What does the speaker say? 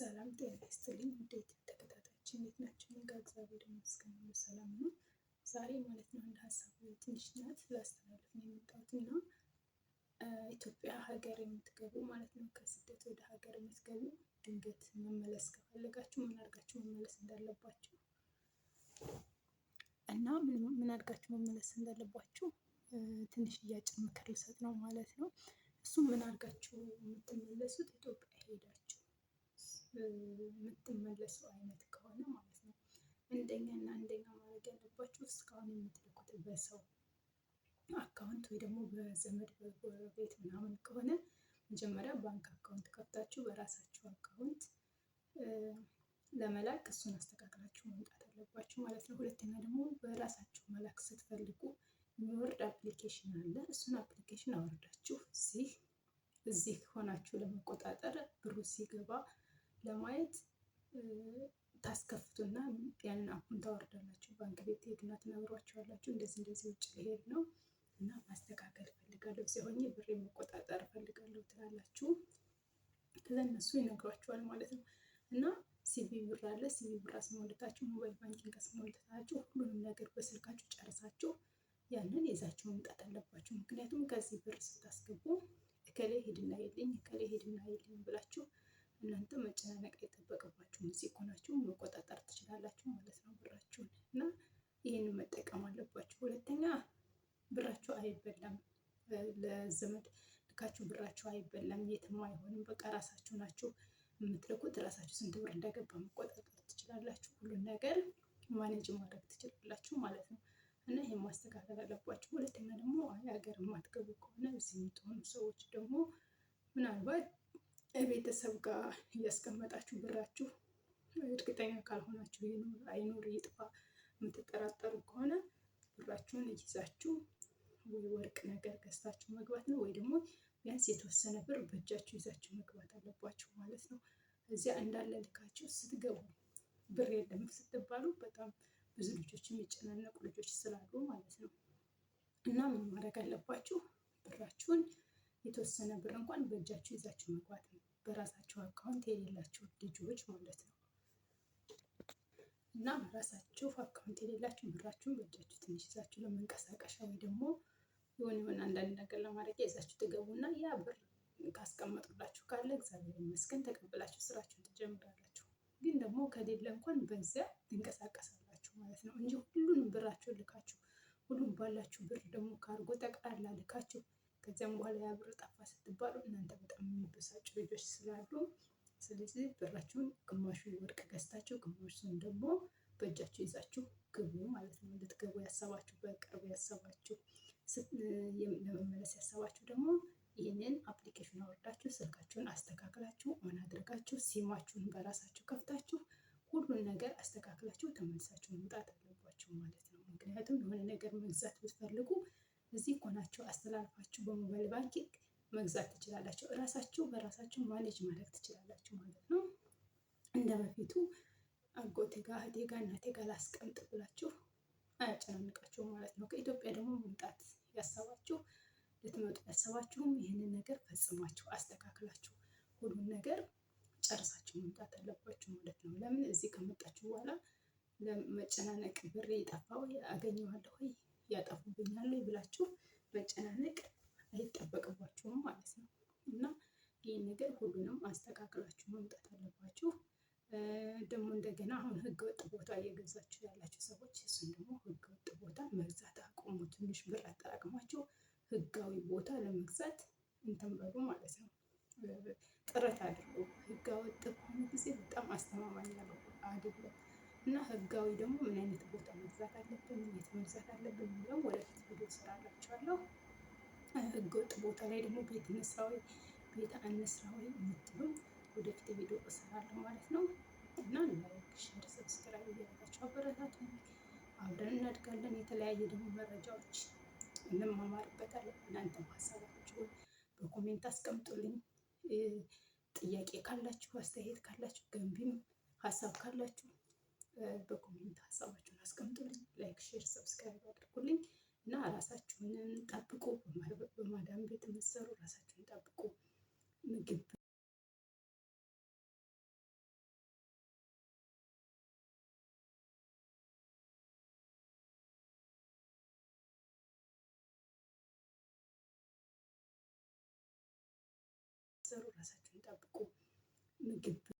ሰላም ጤና ይስጥልኝ። እንዴት ተከታታዮች እንዴት ናቸው? እኔ ጋር እግዚአብሔር ይመስገን ሰላም ነው። ዛሬ ማለት ነው አንድ ሀሳብ ትንሽ ናት ላስተላለፍ ነው የመጣሁት እና ኢትዮጵያ ሀገር የምትገቡ ማለት ነው ከስደት ወደ ሀገር የምትገቡ ድንገት መመለስ ከፈለጋችሁ ምን አድርጋችሁ መመለስ እንዳለባችሁ እና ምን አድርጋችሁ መመለስ እንዳለባችሁ ትንሽ እያጭር ምክር ልሰጥ ነው ማለት ነው። እሱም ምን አድርጋችሁ የምትመለሱት ኢትዮጵያ የምትመለሰው አይነት ከሆነ ማለት ነው። አንደኛ እና አንደኛ ማድረግ ያለባችሁ እስካሁን የምትልኩት በሰው አካውንት ወይ ደግሞ በዘመድ በጎረቤት ምናምን ከሆነ መጀመሪያ ባንክ አካውንት ከፍታችሁ በራሳችሁ አካውንት ለመላክ እሱን አስተካክላችሁ መምጣት አለባችሁ ማለት ነው። ሁለተኛ ደግሞ በራሳችሁ መላክ ስትፈልጉ የሚወርድ አፕሊኬሽን አለ። እሱን አፕሊኬሽን አወርዳችሁ እዚህ እዚህ ሆናችሁ ለመቆጣጠር ብሩ ሲገባ ለማየት ታስከፍቱና ያንን አፉን ታወርዳላችሁ። ባንክ ቤት ትሄዱና ትነግሯቸዋላችሁ። እንደዚህ እንደዚህ ውጭ ሊሄድ ነው እና ማስተካከል እፈልጋለሁ፣ እዚያ ሆኜ መቆጣጠር እፈልጋለሁ ትላላችሁ። ከዛ እነሱ ይነግሯቸዋል ማለት ነው እና ሲቪ ብር አለ። ሲቪ ብር አስሞልታችሁ ሞባይል ባንኪንግ አስሞልታችሁ ሁሉንም ነገር በስልካችሁ ጨርሳችሁ ያንን ይዛችሁ መምጣት አለባችሁ። ምክንያቱም ከዚህ ብር ስታስገቡ እከሌ ሄድና ይልኝ እከሌ ሄድና ይልኝ ብላችሁ እናንተ መጨናነቅ አይጠበቅባችሁም። እዚህ ከሆናችሁ መቆጣጠር ትችላላችሁ ማለት ነው ብራችሁን እና ይህንን መጠቀም አለባችሁ። ሁለተኛ ብራችሁ አይበላም፣ ለዘመድ ልካችሁ ብራችሁ አይበላም፣ የትም አይሆንም። በቃ ራሳችሁ ናችሁ የምትልኩት። ራሳችሁ ስንት ብር እንደገባ መቆጣጠር ትችላላችሁ። ሁሉን ነገር ማኔጅ ማድረግ ትችላላችሁ ማለት ነው እና ይህን ማስተካከል አለባችሁ። ሁለተኛ ደግሞ አይ ሀገር የማትገቡ ከሆነ እዚህ የምትሆኑ ሰዎች ደግሞ ምናልባት ቤተሰብ ጋር እያስቀመጣችሁ ብራችሁ እርግጠኛ ካልሆናችሁ ይኑር አይኖር ይጥፋ የምትጠራጠሩ ከሆነ ብራችሁን ይዛችሁ ወይ ወርቅ ነገር ገዝታችሁ መግባት ነው ወይ ደግሞ ቢያንስ የተወሰነ ብር በእጃችሁ ይዛችሁ መግባት አለባችሁ ማለት ነው። እዚያ እንዳለ ልካችሁ ስትገቡ ብር የለም ስትባሉ በጣም ብዙ ልጆች የሚጨናነቁ ልጆች ስላሉ ማለት ነው እና ምን ማድረግ አለባችሁ ብራችሁን የተወሰነ ብር እንኳን በእጃቸው ይዛቸው መግባት ነው። በራሳቸው አካውንት የሌላቸው ልጆች ማለት ነው። እና በራሳቸው አካውንት የሌላቸው ብራችሁን በእጃችሁ ትንሽ ይዛችሁ ለመንቀሳቀሻ ወይ ደግሞ የሆነ የሆነ አንዳንድ ነገር ለማድረግ ይዛችሁ እና ያ ብር ካስቀመጡላችሁ ካለ እግዚአብሔር ይመስገን ተቀብላችሁ ስራችሁን ትጀምራላችሁ። ግን ደግሞ ከሌለ እንኳን በዚያ ትንቀሳቀሳላችሁ ማለት ነው እንጂ ሁሉንም ብራችሁን ልካችሁ ሁሉም ባላችሁ ብር ደግሞ ካርጎ ጠቅላላ ልካችሁ ከዚያም በኋላ ያ ብር ጠፋ ስትባሉ እናንተ በጣም የሚበሳጩ ልጆች ስላሉ ስለዚህ ብራችሁን ግማሹ ወርቅ ገዝታችሁ ግማሹን ደግሞ በእጃችሁ ይዛችሁ ግቡ ማለት ነው። እንድትገቡ ያሰባችሁ በቅርቡ ያሰባችሁ ለመመለስ ያሰባችሁ ደግሞ ይህንን አፕሊኬሽን አወርዳችሁ ስልካችሁን አስተካክላችሁ ኦን አድርጋችሁ ሲማችሁን በራሳችሁ ከፍታችሁ ሁሉን ነገር አስተካክላችሁ ተመልሳችሁ መምጣት አለባችሁ ማለት ነው። ምክንያቱም የሆነ ነገር መግዛት ብትፈልጉ እዚህ ሆናችሁ አስተላልፋችሁ በሞባይል ባንኪንግ መግዛት ትችላላችሁ። እራሳችሁ በራሳችሁ ማኔጅ ማድረግ ትችላላችሁ ማለት ነው። እንደ በፊቱ አጎቴ ጋ እህቴ ጋ እናቴ ላስቀምጥ ብላችሁ አያጨናንቃችሁ ማለት ነው። ከኢትዮጵያ ደግሞ መምጣት ያሰባችሁ ልትመጡ ያሰባችሁም ይህንን ነገር ፈጽማችሁ አስተካክላችሁ ሁሉን ነገር ጨርሳችሁ መምጣት አለባችሁ ማለት ነው። ለምን እዚህ ከመጣችሁ በኋላ ለመጨናነቅ ብሬ ጠፋ ወይ አገኘዋለሁ ወይ ያጠፉብኛል ብላችሁ መጨናነቅ አይጠበቅባችሁም ማለት ነው። እና ይህን ነገር ሁሉንም አስተካክላችሁ መምጣት አለባችሁ። ደግሞ እንደገና አሁን ህገ ወጥ ቦታ እየገዛችሁ ያላችሁ ሰዎች እሱን ደግሞ ህገ ወጥ ቦታ መግዛት አቁሙ። ትንሽ ብር አጠራቅማችሁ ህጋዊ ቦታ ለመግዛት እንትን በሉ ማለት ነው። ጥረት አድርጉ። ህገ ወጥ በሆነ ጊዜ በጣም አስተማማኝ አይደለም። እና ህጋዊ ደግሞ ምን አይነት ቦታ መግዛት አለብን፣ የት መግዛት አለብን የሚለው ወደፊት ቪዲዮ እሰራላችኋለሁ። ህገወጥ ቦታ ላይ ደግሞ ቤት እንስራ ወይ ቤት አንስራ ወይ የምትሉም ወደፊት ቪዲዮ እሰራለሁ ማለት ነው። እና ላይክ፣ ሼር፣ ሰብስክራይብ እያደረጋችሁ አበረታቱ። አብረን እናድጋለን። የተለያየ ደግሞ መረጃዎች እንማማርበታለን። እናንተም ሀሳባችሁን በኮሜንት አስቀምጡልኝ። ጥያቄ ካላችሁ፣ አስተያየት ካላችሁ፣ ገንቢም ሀሳብ ካላችሁ በኮሜንት ሀሳባችሁን አስቀምጡልኝ። ላይክ፣ ሼር፣ ሰብስክራይብ አድርጉልኝ እና ራሳችሁን ጠብቁ። በማዳም ቤት የምትሰሩ ራሳችሁን ጠብቁ። ምግብ ሰሩ ራሳችሁን ጠብቁ። ምግብ